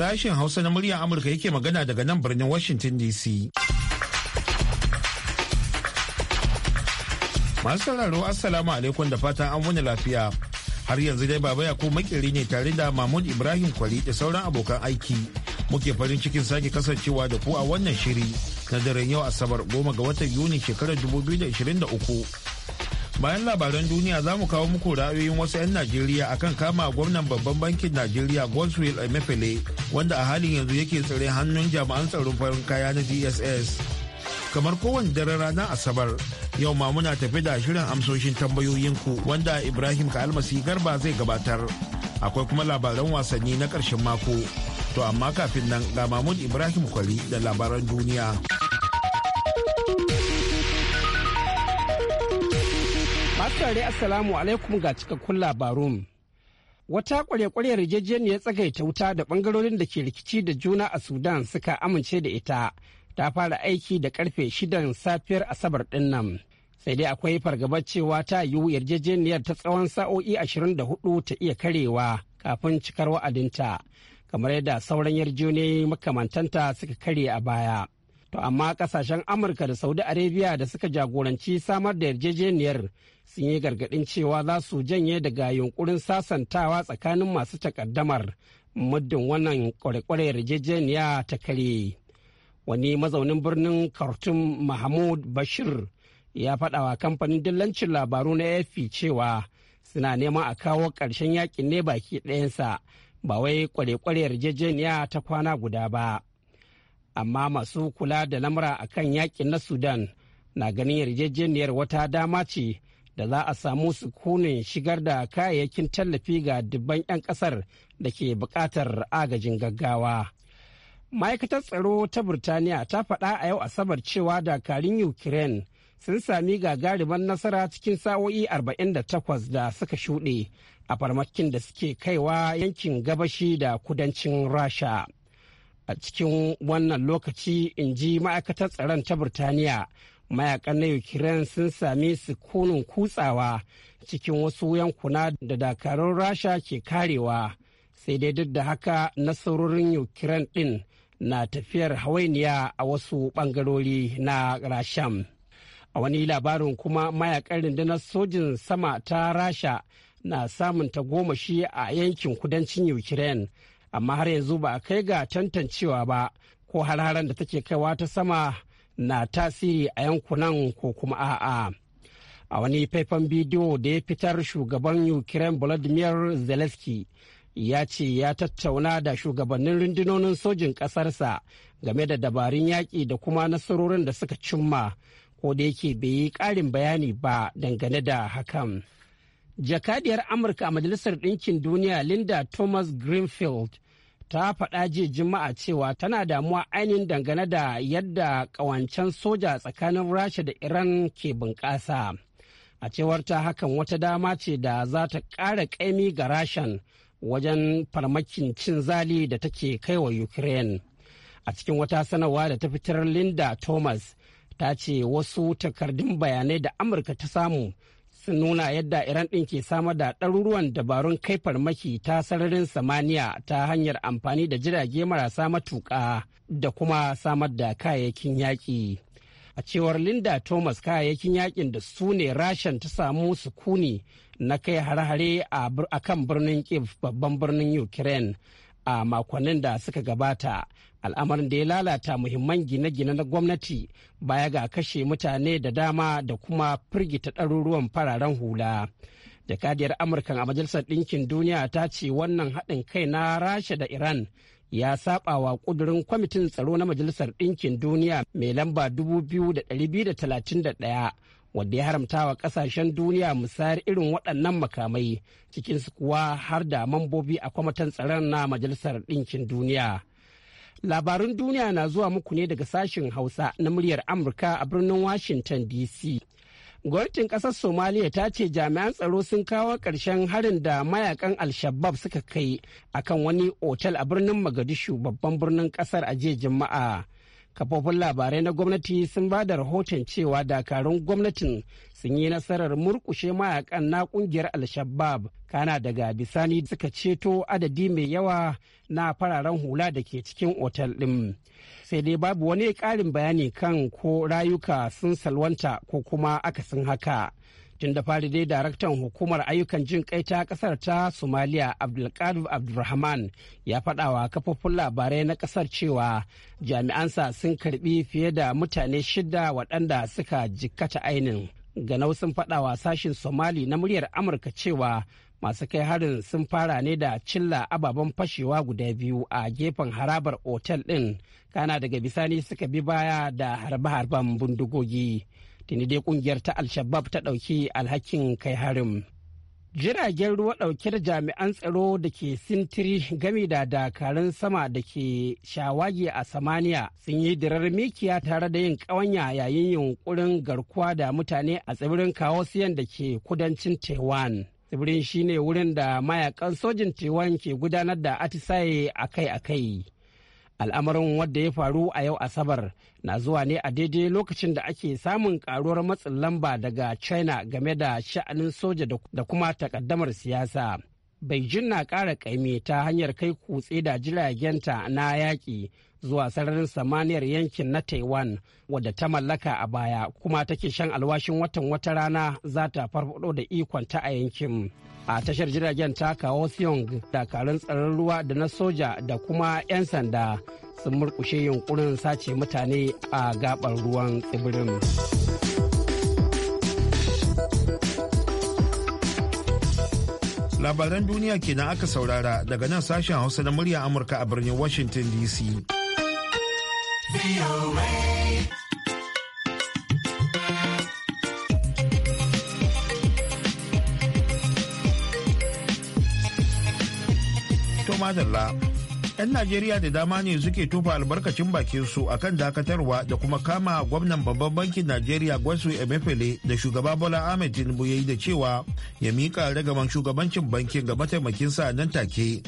Sashen Hausa na muryar Amurka yake magana daga nan birnin Washington DC. Masu sauraro Assalamu alaikum da fatan an wani lafiya. Har yanzu dai Baba yakub makiri ne tare da Mahmud Ibrahim kwari da sauran abokan aiki. Muke farin cikin sake kasancewa da ku a wannan shiri na daren yau Asabar goma ga watan Yuni shekarar 2023. bayan labaran duniya za mu kawo muku ra'ayoyin wasu 'yan najeriya akan kama gwamnan babban bankin najeriya godswill mefele wanda a halin yanzu yake tsare hannun jami'an tsaron farin kaya na dss kamar kowane daren ranar asabar yau ma muna tafi da shirin amsoshin tambayoyinku wanda ibrahim ka almasi garba zai gabatar akwai kuma labaran wasanni na ƙarshen mako to amma kafin nan ga mahmud ibrahim Kwari da labaran duniya Asare Assalamu alaikum ga cikakkun labarun. Wata kwarekwariyar yarjejeniyar tsagaita wuta da bangarorin da ke rikici da juna a Sudan suka amince da ita ta fara aiki da karfe shidan safiyar Asabar ɗin nan. Sai dai akwai fargabar cewa ta yiwu yarjejeniyar ta tsawon sa'o'i ashirin da hudu ta iya karewa kafin cikar wa'adinta kamar yadda sauran yarjejeniyoyi makamantanta suka kare a baya. To amma kasashen Amurka da Saudi Arabia da suka jagoranci samar da yarjejeniyar sun yi gargaɗin cewa za su janye daga yunkurin sasantawa tsakanin masu takaddamar muddin wannan kwarekware yarjejeniya ta kare wani mazaunin birnin khartoum mahmud bashir ya faɗawa kamfanin dillancin labaru na afp cewa suna neman a kawo ƙarshen yakin ne baki ɗayansa ba wai kwarekware yarjejeniya ta kwana guda ba amma masu kula da lamura akan yakin na sudan na ganin yarjejeniyar wata dama ce da za a samu sukunin shigar da kayayyakin tallafi ga dubban 'yan kasar da ke bukatar agajin gaggawa. Ma'aikatar tsaro ta Burtaniya ta faɗa a yau Asabar cewa dakarun Ukraine sun sami gagariban nasara cikin sa'o'i 48 da suka shuɗe a farmakin da suke kaiwa yankin gabashi da kudancin Rasha. A cikin wannan lokaci, in ji ma'aikatar tsaron ta Burtaniya. mayakan na ukraine sun sami sukunin kutsawa cikin wasu yankuna da dakarun rasha ke karewa sai dai duk da haka nasarorin ukraine din na tafiyar hawainiya a wasu bangarori na rasham a wani labarin kuma mayakan rundunar sojin sama ta rasha na samun shi a yankin kudancin ukraine amma har yanzu ba a kai ga tantancewa ba ko har da take kaiwa ta sama na tasiri a yankunan ko kuma a'a. A wani faifan bidiyo da ya fitar shugaban Ukraine Volodymyr Zelensky ya ce ya tattauna da shugabannin rundunonin sojin ƙasarsa game da dabarun yaƙi da kuma nasarorin da suka cimma ko da yake bai yi ƙarin bayani ba dangane da hakan. Jakadiyar Amurka a Majalisar Ɗinkin Duniya Linda Thomas Greenfield ta faɗa jiya juma'a cewa tana damuwa ainihin dangane da yadda ƙawancen soja tsakanin rasha da iran ke bunƙasa a cewar ta hakan wata dama ce da za ta ƙara ƙaimi ga rashan wajen farmakin cin zali da take kai wa ukraine a cikin wata sanarwa da ta fitar linda thomas ta ce wasu takardun bayanai da amurka ta samu sun nuna yadda iran ɗin ke samar da ɗaruruwan dabarun kai farmaki ta sararin samaniya ta hanyar amfani da jirage marasa matuƙa da kuma samar da kayayyakin yaƙi a cewar linda thomas kayayyakin yaƙin da su ne rashen ta samu sukuni na kai hare-hare a kan birnin kiev babban birnin ukraine a makonnin da suka gabata al'amarin da ya lalata muhimman gine-gine na gwamnati baya ga kashe mutane da dama da kuma firgita ɗaruruwan fararen hula. jakadiyar amurkan a majalisar ɗinkin duniya ta ce wannan haɗin kai na rasha da iran ya saba wa ƙudurin kwamitin tsaro na majalisar ɗinkin duniya mai lamba 2231 wadda ya haramta wa kasashen duniya musayar irin waɗannan makamai cikinsu kuwa har da mambobi a kwamitan tsaron na majalisar ɗinkin duniya labarun duniya na zuwa muku ne daga sashen hausa na muryar amurka a birnin washington dc gwamnatin ƙasar somaliya ta ce jami'an tsaro sun kawo ƙarshen harin da mayakan al-shabab suka kai akan wani otal a birnin magadishu babban birnin ƙasar a jiya juma'a kafofin labarai na gwamnati sun ba da rahoton cewa dakarun gwamnatin sun yi nasarar murkushe mayakan na kungiyar alshabab kana daga bisani suka ceto adadi mai yawa na fararen hula da ke cikin otal ɗin sai dai babu wani ƙarin bayani kan ko rayuka sun salwanta ko kuma akasin haka tun da fari dai daraktan hukumar ayyukan jin kai ta kasar ta somaliya abdulkadir abdulrahman ya faɗawa kafofin labarai na kasar cewa jami'ansa sun karbi fiye da mutane shida waɗanda suka jikkata ainin ganau sun faɗawa sashin somali na muryar amurka cewa masu kai harin sun fara ne da cilla ababen fashewa guda biyu a gefen harabar otel ɗin kana daga bisani suka bi baya da harbe-harben bindigogi. tuni dai kungiyar ta alshabab ta ɗauki alhakin kai harin jiragen ruwa ɗauke da jami'an tsaro da ke sintiri gami da dakarun sama da ke shawagi a samaniya sun yi dirar mikiya tare da yin ƙawanya yayin yunkurin garkuwa da mutane a tsibirin kawosiyan da ke kudancin taiwan tsibirin shine wurin da mayakan sojin taiwan ke gudanar da atisaye akai-akai al'amarin wadda ya faru a yau asabar na zuwa ne a daidai lokacin da ake samun karuwar matsin lamba daga china game da sha'anin soja da kuma takaddamar siyasa beijing na kara ƙaimi ta hanyar kai kutse da jiragenta na yaƙi zuwa sararin samaniyar yankin na taiwan wadda ta mallaka a baya kuma take shan alwashin watan wata rana za ta farfado da ikonta a yankin. a tashar jiragen ta kawo Seong dakarun tsaron ruwa da na soja da kuma 'yan sanda sun murkushe yunkurin sace mutane a gabar ruwan tsibirin. Labaran duniya kenan aka saurara daga nan sashen Hausa na murya Amurka a birnin Washington DC. talla. 'Yan Najeriya da dama ne suke tufa albarkacin bakin su akan dakatarwa da kuma kama gwamnan babban bankin Najeriya Gwasu Emefiele da shugaba Bola Ahmed Tinubu ya yi da cewa ya miƙa ragaman shugabancin bankin ga mataimakinsa nan take.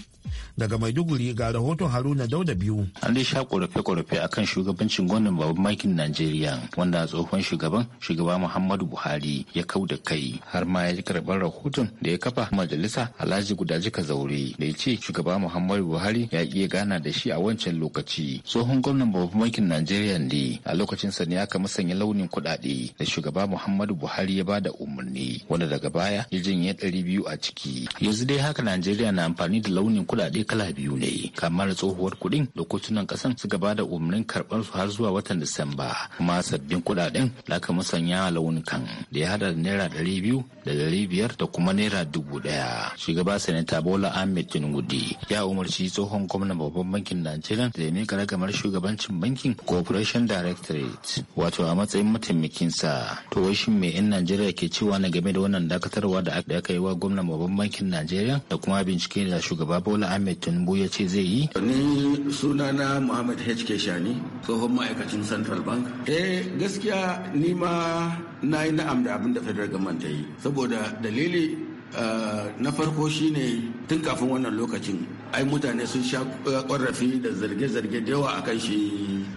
daga maiduguri ga rahoton haruna dauda biyu an dai sha korafe-korafe kan shugabancin gwamnan babban makin najeriya wanda tsohon shugaban shugaba muhammadu buhari ya kau da kai har ma ya karɓar rahoton da ya kafa majalisa alhaji guda jika zaure da ya ce shugaba muhammadu buhari ya iya gana da shi a wancan lokaci tsohon gwamnan babban makin najeriya ne a lokacin sa ne aka musanya launin kuɗaɗe da shugaba muhammadu buhari ya bada umarni wanda daga baya ya janye ɗari biyu a ciki yanzu dai haka najeriya na amfani da launin kuɗaɗe kala biyu ne kamar tsohuwar kuɗin da kotunan ƙasan suka ba da umarnin karɓar su har zuwa watan Disamba kuma sabbin kuɗaɗen da aka musanya launukan da ya hada da naira dari biyu da dari biyar da kuma naira dubu ɗaya. Shugaba Sanata Bola Ahmed Tinubu ya umarci tsohon gwamnan babban bankin Najeriya da ya miƙa shugabancin bankin Corporation Directorate wato a matsayin mataimakinsa. To wai shin me 'yan Najeriya ke cewa na game da wannan dakatarwa da aka yi wa gwamnan babban bankin Najeriya da kuma bincike da shugaba Bola bola ahmed tinubu ya ce zai yi ni sunana muhammad hk shani tsohon ma'aikacin central bank eh gaskiya ni ma na yi na'am da abin da federal government ta yi saboda dalili eh, na farko shine tun kafin wannan lokacin ai mutane sun sha eh, ƙorafi da zarge-zarge da yawa akan shi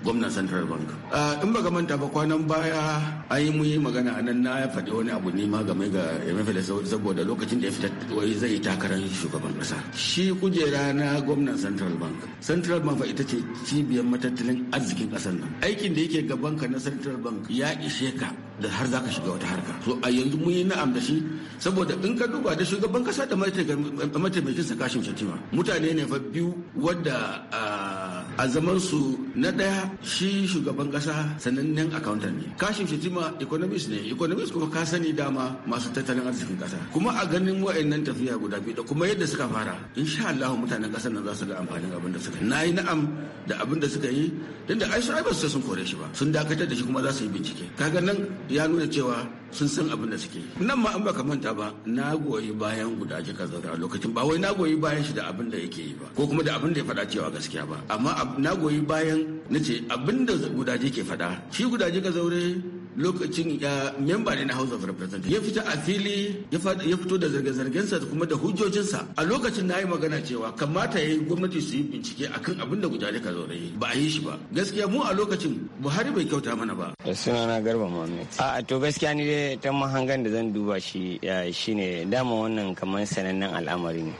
gwamnan central bank ah, in baka manta ba kwanan baya an yi muyi magana a nan na ya faɗi wani abu ne ma game ga emefiele saboda lokacin da ya fita wai zai yi takarar shugaban kasa. shi kujera na gwamnan central bank central bank ita ce cibiyar matattalin arzikin ƙasar nan aikin da yake gaban ka na central bank ya ishe ka da har za shiga wata harka so a yanzu mun yi na'am da shi saboda in ka duba da shugaban kasa da mataimakin sa kashin shatima mutane ne fa biyu wadda ah, a zaman su na daya shi shugaban kasa sanannen accountant ne kashin shetima economist ne economist kuma ka sani dama masu tattalin arzikin kasa kuma a ganin wa'annan tafiya guda biyu da kuma yadda suka fara insha Allah mutanen kasar nan za su ga amfanin abin da suka na yi na'am da abin da suka yi don da ai su sun kore shi ba sun dakatar da shi kuma za su yi bincike kaga nan ya nuna cewa sun san abin da suke nan ma an baka manta ba na goyi bayan guda ji kazaura a lokacin ba wai na goyi bayan shi da abin da yake yi ba ko kuma da abin da ya fada cewa gaskiya ba amma na goyi bayan na ce abin da gudaje ke faɗa shi gudaje zaure lokacin ya memba ne na House of Representatives ya fita a fili ya fito da zarge-zargensa kuma da hujjojinsa a lokacin na yi magana cewa kamata ya yi gwamnati su yi bincike akan abin da gudanar ka zaure ba a yi shi ba gaskiya mu a lokacin Buhari bai kyauta mana ba na Garba Muhammad a to gaskiya ni dai ta mahangan da zan duba shi shine dama wannan kamar sanannen al'amari ne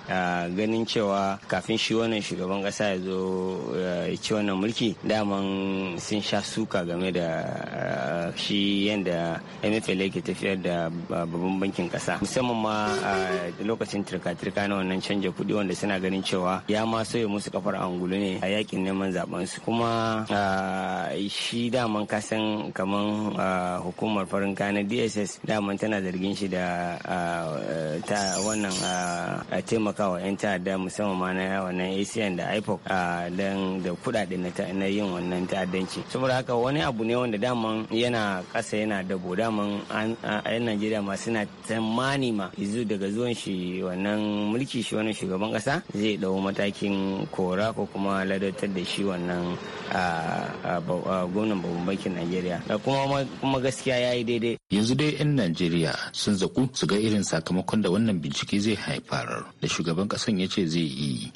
ganin cewa kafin shi wannan shugaban kasa ya zo ya ci wannan mulki daman sun sha suka game da eh, shi yanda yadda mfla ke tafiyar da ah, babban bankin kasa musamman ma ah, lokacin turka-turka na wannan canja kuɗi wanda suna ganin cewa ya ma soya musu kafar angulu ne a yakin neman zaben su kuma ah, shi daman kasan kamar hukumar farin na dss daman tana zargin shi da ta wannan taimakawa 'yan ta'adda musamman ma na wannan acn da ipoc don da kudaden na yin wannan ta'addanci saboda haka wani abu ne wanda daman yana kasa yana da dabo a yan najeriya masu na tamani ma izu daga zuwan shi wannan mulki shi wannan shugaban kasa zai dau matakin kora ko kuma ladatar da shi wannan gwamnan babban bankin najeriya da kuma gaskiya ya yi daidai yanzu dai yan najeriya sun zaku su ga irin sakamakon da wannan bincike zai haifar da shugaban kasan ya ce zai yi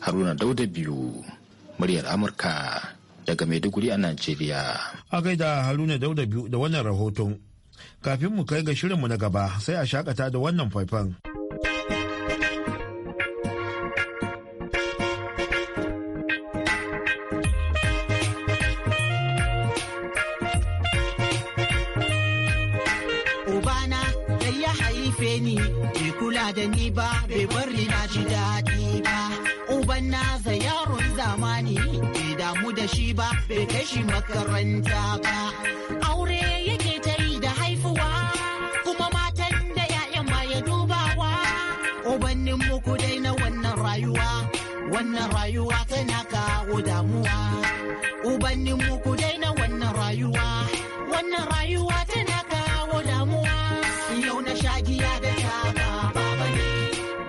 haruna dauda biyu muryar amurka daga Maiduguri a Najeriya. A gaida Haruna Dauda biyu da wannan rahoton. Kafin mu kai ga shirin mu na gaba sai a shakata da wannan faifan. Ubana da ya haife ni, bai kula da ni ba, bai bar ni na ji daɗi ba. Uban na za yaron zamani, damu da shi ba bai kai shi makaranta ba aure yake ta yi da haifuwa kuma matan da 'ya'yan ma ya dubawa ubannin muku dai na wannan rayuwa wannan rayuwa tana kawo damuwa ubannin muku dai na wannan rayuwa wannan rayuwa tana kawo damuwa yau na shagiya da ta ba ba ne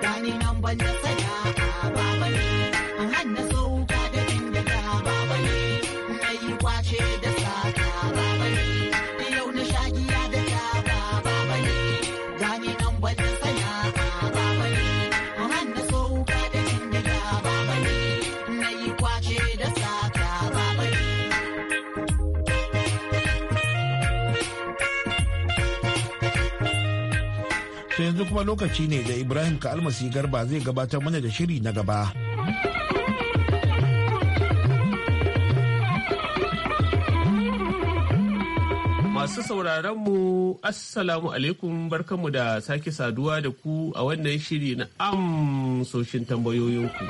gani nan ban da tsaya ba ba ne kuma lokaci ne da Ibrahim Almasi Garba zai gabatar mana da shiri na gaba. Masu sauraron mu Assalamu alaikum barkanmu da sake saduwa da ku a wannan shiri na amsoshin tambayoyinku.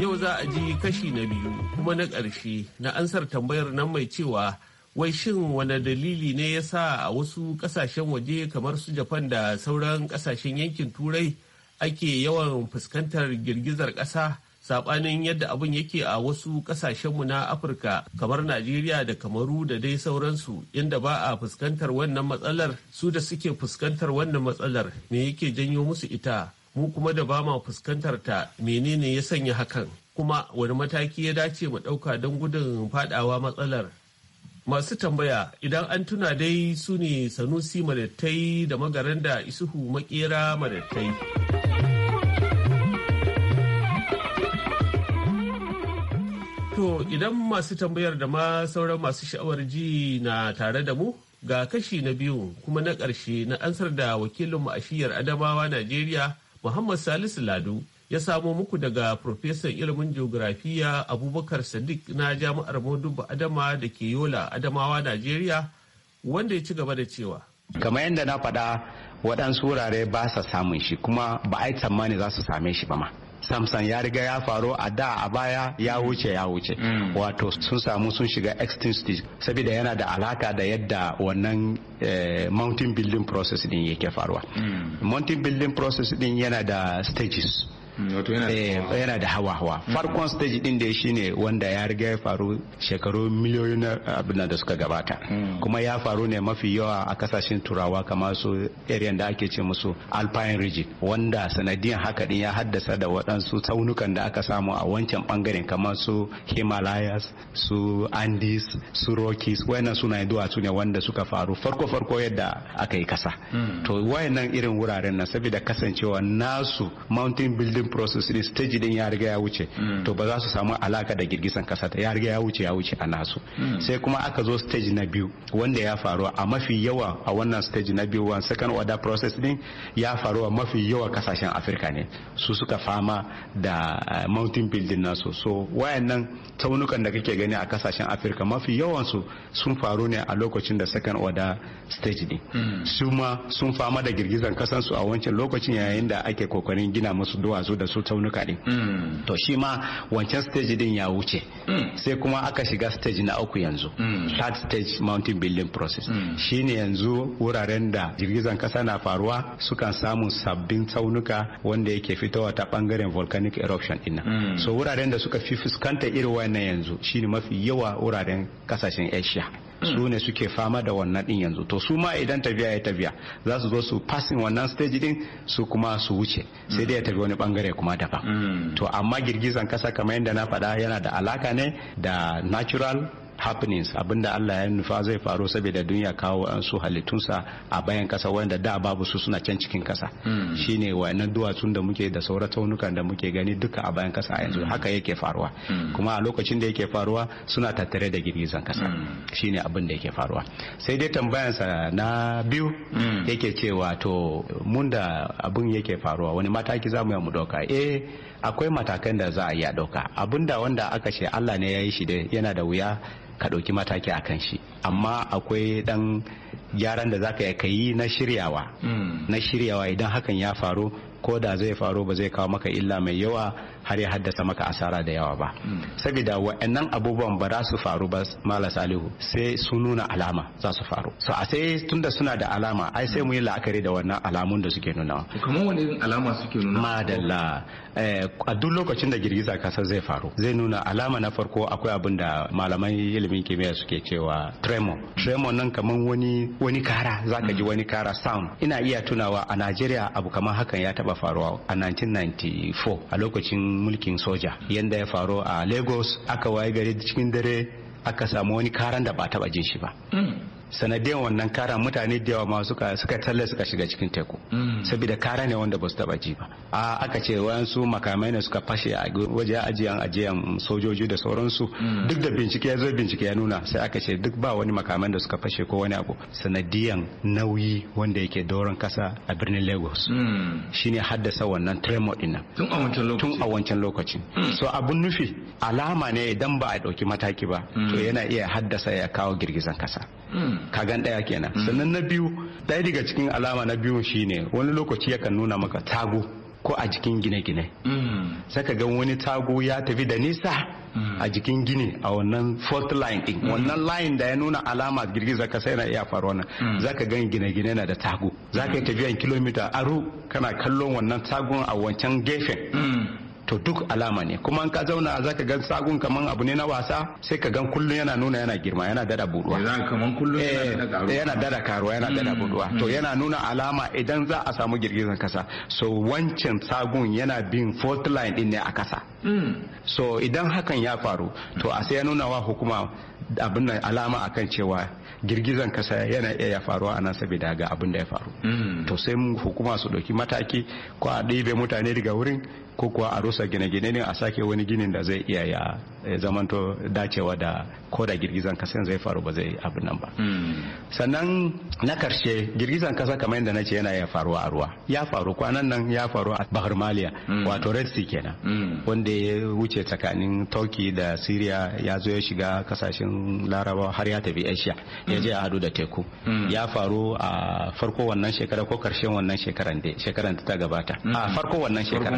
Yau za a ji kashi na biyu kuma na ƙarshe na ansar tambayar nan mai cewa wai shin wane dalili ne ya sa a wasu kasashen waje kamar su japan da sauran kasashen yankin turai ake yawan fuskantar girgizar ƙasa saɓanin yadda abin yake a wasu kasashenmu na afirka kamar najeriya da kamaru da dai sauransu inda ba a fuskantar wannan matsalar su da suke fuskantar wannan matsalar me yake janyo musu ita mu kuma da ba ma fuskantar ta menene ya sanya hakan kuma wani mataki ya dace mu ɗauka don gudun faɗawa matsalar masu tambaya idan an tuna dai su ne sanusi madattai da magaran magaranda isuhu makera madattai to idan masu tambayar da ma sauran masu sha'awar ji na tare da mu ga kashi na biyu kuma na ƙarshe na ansar da wakilinmu a shiyar adamawa najeriya muhammad salisu ladu ya samo muku daga Profesor ilimin Geografiya Abubakar Sadiq na Jami'ar Modubu Adama da ke Yola Adamawa Najeriya wanda ya ci gaba da cewa. Kamar yadda na faɗa waɗansu wurare ba sa samun shi kuma ba a yi tsammani za su same shi ba ma. samson ya riga ya faru a da a baya ya wuce ya wuce mm. wato sun samu sun shiga extinct saboda yana da alaka da yadda wannan eh, mountain building process din yake faruwa mm. mountain building process din yana da stages Mm, eh, yana da hawa hawa mm. farkon stage din da shine wanda ya riga ya faru shekaru miliyoyin abin da suka gabata mm. kuma ya faru ne mafi yawa a kasashen turawa kamar su area da ake ce musu alpine region wanda sanadiyan haka din ya haddasa da waɗansu tsaunukan da aka samu a wancan bangaren kamar su himalayas su andes su rockies wayannan sunayen duwatsu ne wanda suka faru farko farko yadda aka yi kasa to wayannan irin wuraren na saboda kasancewa nasu mountain building process din stage din ya riga ya wuce mm. to ba za su samu alaka da girgisan kasa ya riga ya wuce ya wuce a nasu mm. sai kuma aka zo stage na biyu wanda ya faru a mafi yawa a wannan stage na biyu one second order process din ya faru a mafi yawa kasashen afirka ne su suka fama da eh, mountain building nasu so wayannan taunukan da kake gani a kasashen afirka mafi yawansu sun faru ne a lokacin da second order stage din mm. su ma sun fama da girgizan kasansu a wancan lokacin yayin da ake kokarin gina musu duwatsu da su taunuka din mm. to shi ma wancan stage din ya wuce mm. sai kuma aka shiga stage na uku yanzu mm. third stage mountain building process shine yanzu wuraren da girgizan kasa na faruwa sukan samu sabbin taunuka wanda yake fitowa ta bangaren volcanic eruption din so wuraren da suka fi fuskanta irin wannan yanzu shine mafi yawa wuraren kasashen asia su ne suke fama da wannan din yanzu to su ma idan tafiya ya tafiya za su zo su passing wannan stage din su kuma su wuce sai dai ya tafi wani bangare kuma daban mm. to amma girgizan kasa kamar yadda na faɗa yana da alaka ne da natural happenings abinda Allah ya nufa zai faru saboda duniya kawo an su halittunsa a bayan kasa wanda da babu su suna can cikin kasa hmm. shine wayannan duwatsun da muke da sauran taunukan da muke gani duka a bayan kasa a yanzu hmm. haka yake faruwa hmm. kuma a lokacin da yake faruwa suna tattare da girgizan kasa shine abin da yake faruwa sai dai tambayansa na biyu yake cewa to mun da abin yake faruwa wani mataki zamu mu ya mu doka eh akwai matakan da za a iya ɗauka abinda wanda aka ce allah ne ya yi shi da yana da wuya ka ɗauki mataki a kan shi amma akwai ɗan gyaran da za ka yi na shiryawa hmm. na shiryawa idan hakan ya faru ko da zai faru ba zai kawo maka illa mai yawa har ya haddasa maka asara da yawa ba hmm. saboda wa'annan abubuwan ba za su faru ba mala salihu sai sun nuna alama za su faru so a sai tunda suna da alama ai sai mu yi la'akari da wannan alamun da suke nunawa kamar wani irin alama suke nuna madalla eh, a duk lokacin da girgiza kasar zai faru zai nuna alama na farko akwai abin da malaman ilimin kimiyya suke cewa tremor tremor nan kamar wani wani kara zaka ji hmm. wani kara sound ina iya tunawa a Najeriya abu kamar hakan ya taba faruwa a 1994 a lokacin mulkin soja yadda ya faru a lagos aka waye gari cikin dare aka samu wani karan da ba taba jin shi ba hmm. sanadiyan wannan kara mutane da yawa masu suka talle suka shiga cikin teku mm. saboda kara ne wanda ba su taba ji ba a aka ce wayansu makamai ne suka fashe a waje ajiyan ajiyan sojoji da sauransu mm. duk da bincike ya zo bincike ya nuna sai aka ce duk ba wani makamai da suka fashe ko wani abu sanadiyan nauyi wanda yake doron kasa a birnin lagos mm. shine haddasa wannan tremor din tun a wancan lokacin so abun nufi alama ne idan ba a dauki mataki ba to yana iya haddasa ya kawo girgizan kasa kagan ɗaya kenan mm. sannan na biyu ɗaya daga cikin alama na biyu shine wani lokaci yakan nuna maka tago ko a jikin gine-gine mm. saka ga wani tago ya tafi da nisa mm. a jikin gini a wannan fault line din wannan line da ya nuna alama girgiza ka sai na iya faruwa nan zaka gan gine-gine na da tago zaka yi tafiyan kilomita aro kana kallon wannan tagon a wancan gefen to duk alama ne kuma in ka zauna ka gan sagun kaman abu ne na wasa sai ka gan kullum yana nuna yana girma yana dada buduwa eh, eh, yana dada karuwa yana dada hmm, buduwa to hmm. yana nuna alama idan za a samu girgizan kasa so wancan sagun yana bin fourth line din ne a kasa hmm. so idan hakan ya faru to a sai ya nuna wa hukuma abin nan alama akan cewa girgizan kasa yana iya ya faruwa a nan saboda ga abin da ya faru to sai hukuma su ɗauki mataki ko a ɗibe mutane daga wurin ko kuwa a rusa gine-gine ne a sake wani ginin da zai iya ya zamanto dacewa da ko da girgizan kasan zai faru ba zai abin nan ba hmm. sannan na karshe girgizan kasa kamar yadda na ce yana ya faru a ruwa ya faru kwanan nan ya faru a bahar maliya hmm. wato red sea kenan hmm. wanda ya wuce tsakanin turkey da syria ya zo ya shiga kasashen larabawa har ya tafi asia ya je a hadu da teku ya faru a farko wannan shekara ko karshen wannan shekaran da shekaran ta gabata a farko wannan shekara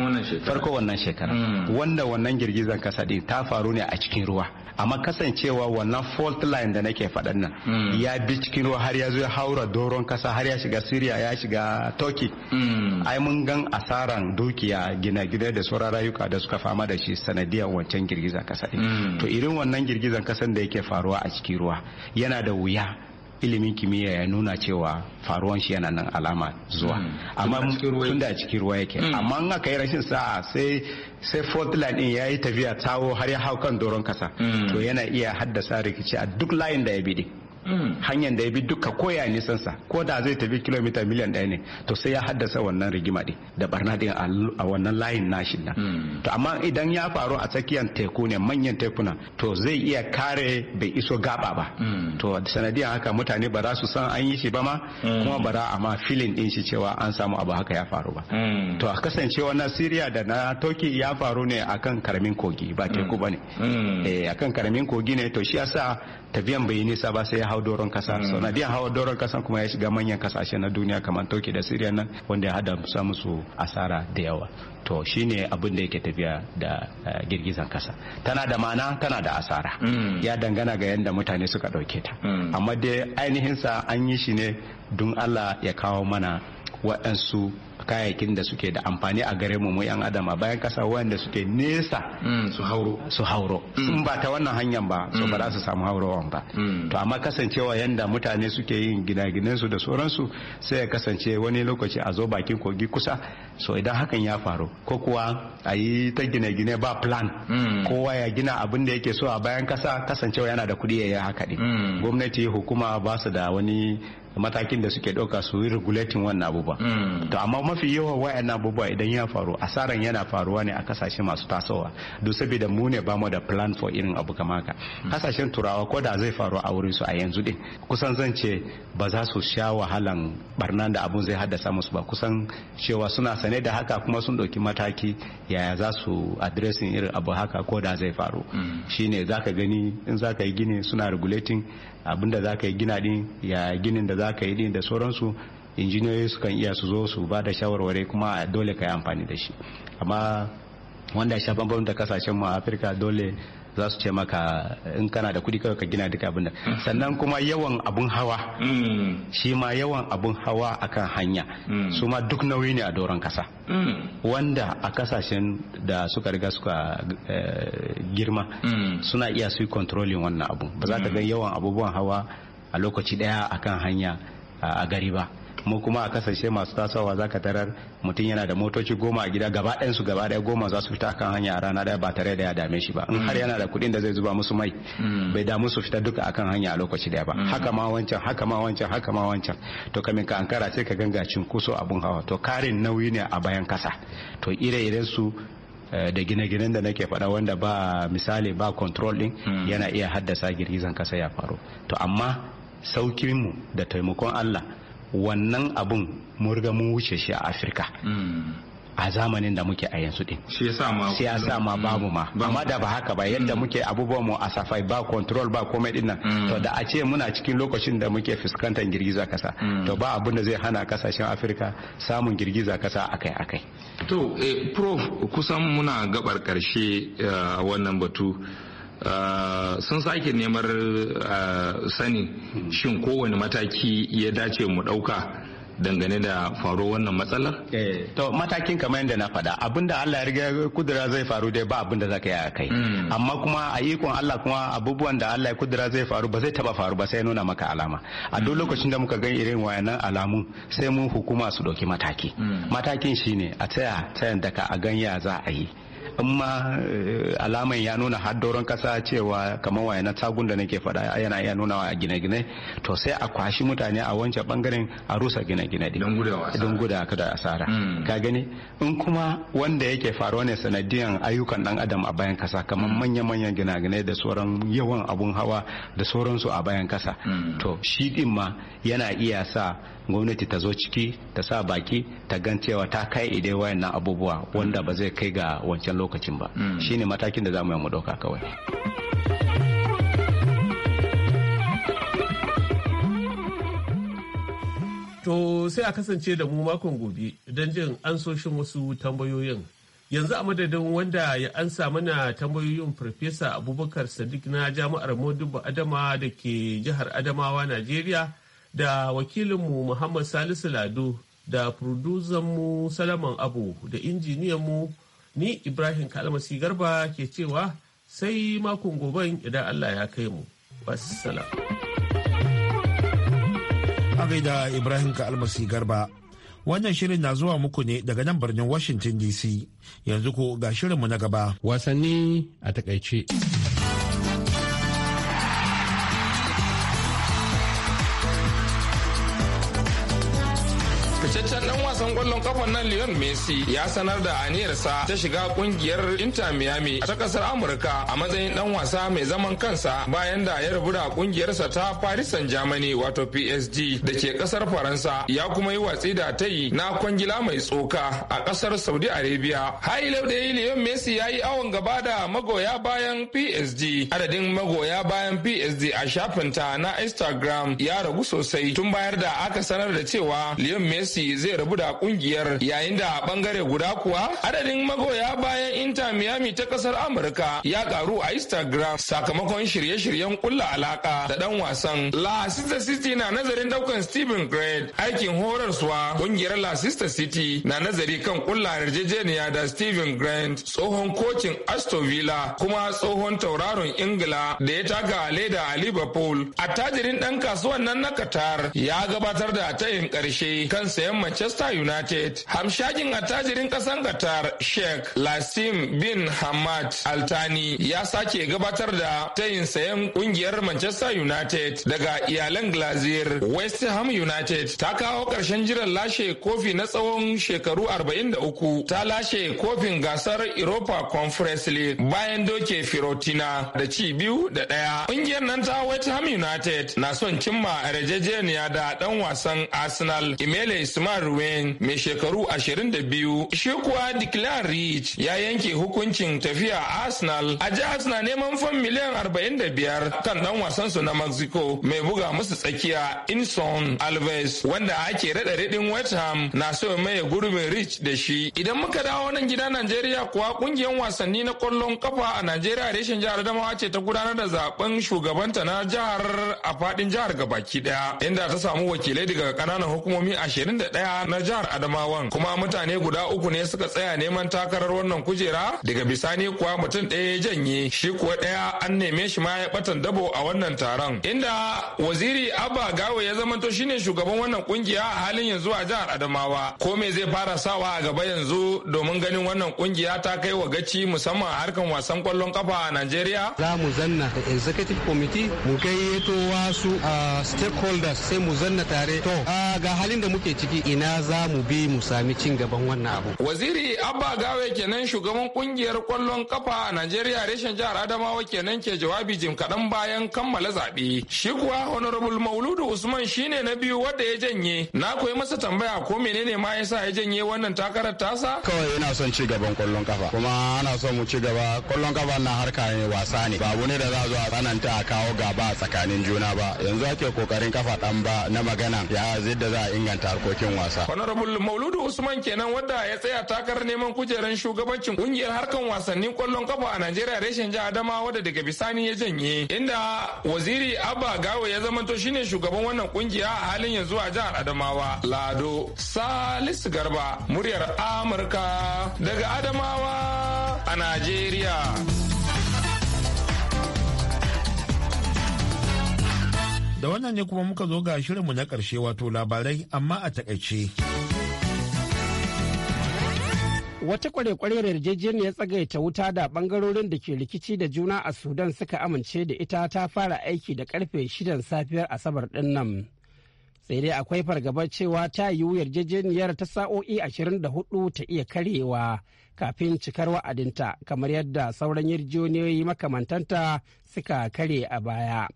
farko wannan shekara hmm. wanda wannan girgizan kasa din ta faru ne a cikin ruwa amma kasancewa wannan fault line da nake faɗan nan hmm. ya bi cikin ruwa har ya zo ya haura doron kasa har ya shiga Syria ya shiga Turkey hmm. ai mun gan asaran dukiya gina gida da sauran rayuka da suka fama da shi sanadiyar wancan girgizan kasa din to irin wannan girgizan kasan da yake faruwa a cikin ruwa yana da wuya ilimin kimiyya ya nuna cewa faruwan shi yana nan alama zuwa hmm. amma tun da cikin ruwa yake hmm. amma in aka yi rashin sa'a sai sai fourth line din yayi tafiya tawo har ya hau kan doron kasa hmm. to yana iya haddasa rikici a duk layin da ya bi din Hmm. hanyar da ya bi duka ko ya nisan sa ko da zai tafi kilomita miliyan ɗaya ne to sai ya haddasa wannan rigima ɗin da barna din a wannan layin nashi na hmm. to amma idan ya faru a tsakiyar teku ne manyan tekuna to zai iya kare bai iso gaba ba hmm. to sanadiyar haka mutane ba za su san an yi shi ba ma kuma ba za a filin din shi cewa an samu abu haka ya faru ba to a kasancewa na Syria da na toki ya faru ne akan karamin kogi ba teku ba ne eh, akan karamin kogi ne to shi yasa tafiyan bai yi nisa ba sai ya hau doron kasa hmm. dia hawa doron kasa kuma ya shiga manyan kasashe na duniya kamar toki da siriya nan wanda ya hada sa musu asara da yawa to shine abin da yake tafiya da eh, girgizan kasa tana da ma'ana tana da asara hmm. ya dangana ga yadda mutane suka ɗauke ta hmm. amma dai ainihin sa an yi shi ne don allah ya kawo mana waɗansu kayayyakin da suke da amfani a gare mu mu yan adam a bayan kasa wanda suke nesa mm, su hauro su hauro mm. in ba ta wannan hanyar ba so ba za mm. su samu haurowan ba to amma kasancewa yanda mutane suke yin gine-ginen su da sauransu sai ya kasance wani lokaci a zo bakin kogi kusa so idan hakan ya faru ko kuwa a yi ta gine-gine ba plan kowa ya gina abin da yake so a bayan kasa kasancewa yana da kuɗi ya yi haka ne gwamnati hukuma ba su da wani matakin da suke ɗauka su yi regulating wannan abubuwa. Mm. To amma mafi yawan wa'annan abubuwa idan ya faru asaran yana faruwa ne a kasashe masu tasowa Duk saboda mu ne ba mu da plan for irin abu kamar haka. Mm. Kasashen turawa ko da zai faru a wurin su a yanzu din kusan zan ce ba za su sha wahalan barnan da abun zai haddasa musu ba kusan cewa suna sane da haka kuma sun ɗauki mataki yaya za su addressing irin abu haka ko da zai faru. Mm. Shine zaka gani in zaka yi gini suna regulating abinda za ka yi gina din ya ginin da za ka yi din da sauransu injiniyoyi sukan iya su zo su ba da shawarware kuma dole ka yi amfani da shi amma wanda ya sha bambam da kasashen mu a afirka dole za su ce maka in kana da kudi kawai ka gina duka abin da mm. sannan kuma yawan abun hawa mm. shi ma yawan abun hawa akan hanya mm. su ma duk nauyi ne a doron kasa wanda a kasashen da suka riga suka eh, girma suna iya su yi controlling wannan abun. ba za ka ga yawan abubuwan hawa a lokaci daya akan hanya a gari ba mu kuma a kasashe masu tasowa zaka tarar mutum yana da motoci goma a gida gaba ɗayan su gaba ɗaya goma za su fita akan hanya a rana ɗaya ba tare da ya dame shi ba in mm. har yana da kuɗin da zai zuba musu mai mm. bai damu su fita duka akan hanya a lokaci ɗaya ba mm. haka ma wancan haka ma wancan haka ma wancan to kamin ka ankara sai ka ganga cinkoso abun hawa to karin nauyi ne a bayan kasa to ire-iren su eh, da gine-ginen da nake faɗa wanda ba misali ba control ɗin yana iya haddasa girgizan kasa ya faru to amma saukinmu da taimakon Allah wannan abun mun riga mun wuce shi a afirka a zamanin da muke a yanzu din shi ya ma mm. ma babu ma amma da ba haka ba yadda mm. muke abubuwan mu a safai ba control ba komai din nan mm. to da a ce muna cikin lokacin da muke fuskantar girgiza kasa to ba abin da zai hana kasashen Afirka samun girgiza kasa akai akai to eh, prof kusan muna gabar karshe eh, wannan batu Eh, sun sake neman eh, sanin shin kowane mataki ya dace mu ɗauka dangane da faro wannan matsalar? Eh, to matakin kamar yadda na faɗa abinda Allah ya riga kudura zai faru dai ba abinda za ka yi a kai. Hmm. Amma kuma a ikon Allah kuma abubuwan da Allah ya kudura zai faru ba zai taba faru ba sai nuna maka alama. A duk hmm. lokacin da muka gan irin wayannan alamu sai mun hukuma su ɗauki mataki. Hmm. Matakin shine a taya tayan daka a ganya za a yi. in ma eh, alaman ya nuna haddoron kasa cewa kamar waye na tagun da nake faɗa yana iya nunawa a gine-gine to sai a kwashi mutane a wancan bangaren a rusa gine-gine don guda da asara hmm. ka gani in kuma wanda yake faruwa ne sanadiyan ayyukan dan adam a bayan kasa kamar hmm. manya-manyan gine-gine da sauran yawan abun hawa da sauransu a bayan kasa hmm. to shi din ma yana iya sa gwamnati ta zo ciki ta sa baki ta gan cewa ta kai idai wayannan abubuwa wanda ba zai kai ga wancan lokacin ba mm. shine matakin da za mu yi mu ɗauka kawai. To sai a kasance da mu makon gobe don jin ansoshin wasu tambayoyin. Yanzu a madadin wanda ya ansa mana tambayoyin Farfesa Abubakar Sadiq na Jami'ar Modibo Adama da ke jihar Adamawa, Najeriya, da wakilinmu Muhammad Salisu Lado da mu Salaman Abu da injiniyanmu ni Ibrahim Kalmasi Garba ke cewa sai makon goben idan Allah ya kai mu. Wassalam. da Ibrahim Kalmasi Garba. Wannan shirin na zuwa muku ne daga nan birnin Washington DC. Yanzu ko ga shirinmu na gaba. Wasanni a takaice. know I wasan kwallon kafan nan Lionel Messi ya sanar da aniyarsa ta shiga kungiyar Inter Miami ta kasar Amurka a matsayin dan wasa mai zaman kansa bayan da ya rabu da kungiyarsa ta Paris Saint-Germain wato PSG da ke kasar Faransa ya kuma yi watsi da ta yi na kwangila mai tsoka a kasar Saudi Arabia. Hailau da yi Lionel Messi ya yi awon gaba da magoya bayan PSG. Adadin magoya bayan PSG a shafin ta na Instagram ya ragu sosai tun bayar da aka sanar da cewa Lionel Messi zai rabu da a kungiyar yayin da a bangare guda kuwa adadin magoya bayan Inter Miami ta kasar Amurka ya karu a Instagram sakamakon shirye-shiryen kulla alaka da dan wasan. La Sister City na nazarin daukan Steven Grade aikin horarsuwa kungiyar La Sister City na nazari kan kulla yarjejeniya da Steven Grant tsohon kocin Aston Villa kuma tsohon tauraron Ingila da ya taka leda a Liverpool. Attajirin dan kasuwan nan na Qatar ya gabatar da tayin karshe kan sayan Manchester United. Hamshagin attajirin ƙasar Qatar Sheikh Lasim bin Hamad al Altani ya sake gabatar da tayin sayan ƙungiyar Manchester United daga iyalan Glazier. West Ham United ta kawo ƙarshen jiran lashe kofi na tsawon shekaru 43 ta lashe kofin gasar Europa Conference League bayan doke Firotina da ci biyu da ɗaya. Ƙungiyar nan ta West Ham United na son cimma yarjejeniya da ɗan wasan Arsenal Imele Ismail mai shekaru 22 shi kuwa Declan Rich ya yanke hukuncin tafiya Arsenal a ji Arsenal neman fan miliyan 45 kan dan wasansu na Mexico mai buga musu tsakiya Inson Alves wanda ake rada redin West Ham na so mai gurbin Rich da shi idan muka dawo nan gida Najeriya kuwa kungiyar wasanni na kwallon kafa a Najeriya reshen jihar Adamawa ce ta gudanar da zaben shugabanta na jihar a fadin jihar gabaki daya inda ta samu wakilai daga kananan hukumomi 21 na jihar Adamawan kuma mutane guda uku ne suka tsaya neman takarar wannan kujera daga bisani kuwa mutum ɗaya ya janye shi kuwa ɗaya an neme shi ma ya batan dabo a wannan taron inda waziri Abba Gawo ya zamanto shine shugaban wannan kungiya a halin yanzu a jihar Adamawa ko me zai fara sawa a gaba yanzu domin ganin wannan kungiya ta kai wa gaci musamman a harkan wasan kwallon kafa a Najeriya za mu zanna da executive committee mu gayyato wasu ah, stakeholders sai mu zanna tare to ah, ga halin da muke ciki ina za mu bi mu sami cin gaban wannan abu. Waziri Abba Gawe kenan shugaban kungiyar kwallon kafa a Najeriya reshen jihar Adamawa kenan ke jawabi jim kaɗan bayan kammala zaɓe. Shi kuwa Honorable Mauludu Usman shine na biyu wanda ya janye. Na koyi masa tambaya ko menene ma yasa ya janye wannan takarar tasa? Kawai yana son ci gaban kwallon kafa kuma ana son mu ci gaba kwallon kafa na harka ne wasa ne Babu ne da za zo a tsananta a kawo gaba a tsakanin juna ba yanzu ake kokarin kafa ɗan ba na magana ya zai da za a inganta harkokin wasa. rabul mauludu usman kenan wadda ya tsaya takarar neman kujerar shugabancin kungiyar harkan wasannin kwallon kafa a najeriya reshen jihar adama da daga bisani ya janye inda waziri abba gawo ya zamanto shine shugaban wannan kungiya a halin yanzu a jihar adamawa lado salisu garba muryar amurka daga adamawa a najeriya Da wannan ne kuma muka zo ga shirinmu na karshe wato labarai amma a takaice. Wata kware kwarekwarar yarjejeniyar tsagaita wuta da bangarorin da ke rikici da juna a Sudan suka amince da ita ta fara aiki da karfe shidan safiyar Asabar ɗin nan. Sai dai akwai fargabar cewa ta yiwu yarjejeniyar ta sa'o'i 24 ta iya karewa kafin cikar wa'adinta kamar yadda sauran yarjejeniyoyi makamantanta suka kare a baya.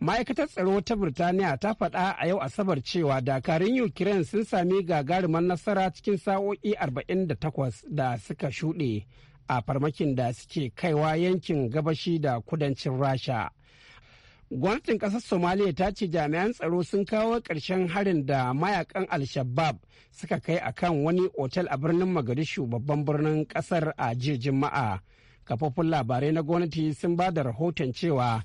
ma'aikatar tsaro ta birtaniya ta faɗa a yau asabar cewa dakarun ukraine sun sami gagarumar nasara cikin sa'o'i 48 da suka shuɗe a farmakin da suke kaiwa yankin gabashi da kudancin rasha gwamnatin ƙasar somaliya ta ce jami'an tsaro sun kawo ƙarshen harin da mayakan alshabab suka kai a kan wani otal a birnin magadishu babban birnin ƙasar a jiya ma'a kafofin labarai na gwamnati sun ba da rahoton cewa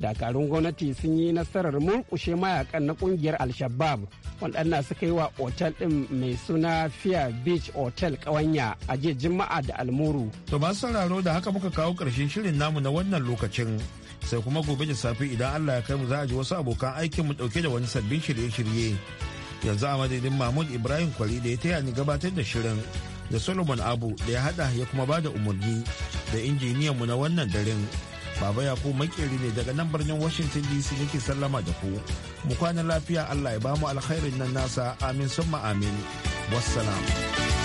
dakarun gwamnati sun yi nasarar murkushe mayakan na kungiyar al-shabab waɗanda suka yi wa otal ɗin mai suna fiya beach otal ƙawanya a jiya juma'a da almuru to masu sauraro da haka muka kawo ƙarshen shirin namu na wannan lokacin sai kuma gobe da safe idan allah ya kai mu za a ji wasu abokan aikin mu ɗauke da wani sabbin shirye-shirye yanzu a madadin mahmud ibrahim kwari da ya taya ni gabatar da shirin da solomon abu da ya haɗa ya kuma bada umarni da injiniyanmu na wannan daren Baba Yakubu makeri ne daga nan birnin Washington DC yake sallama da ku. Mu kwana lafiya Allah ya bamu alkhairin nan nasa amin summa amin. Wassalam.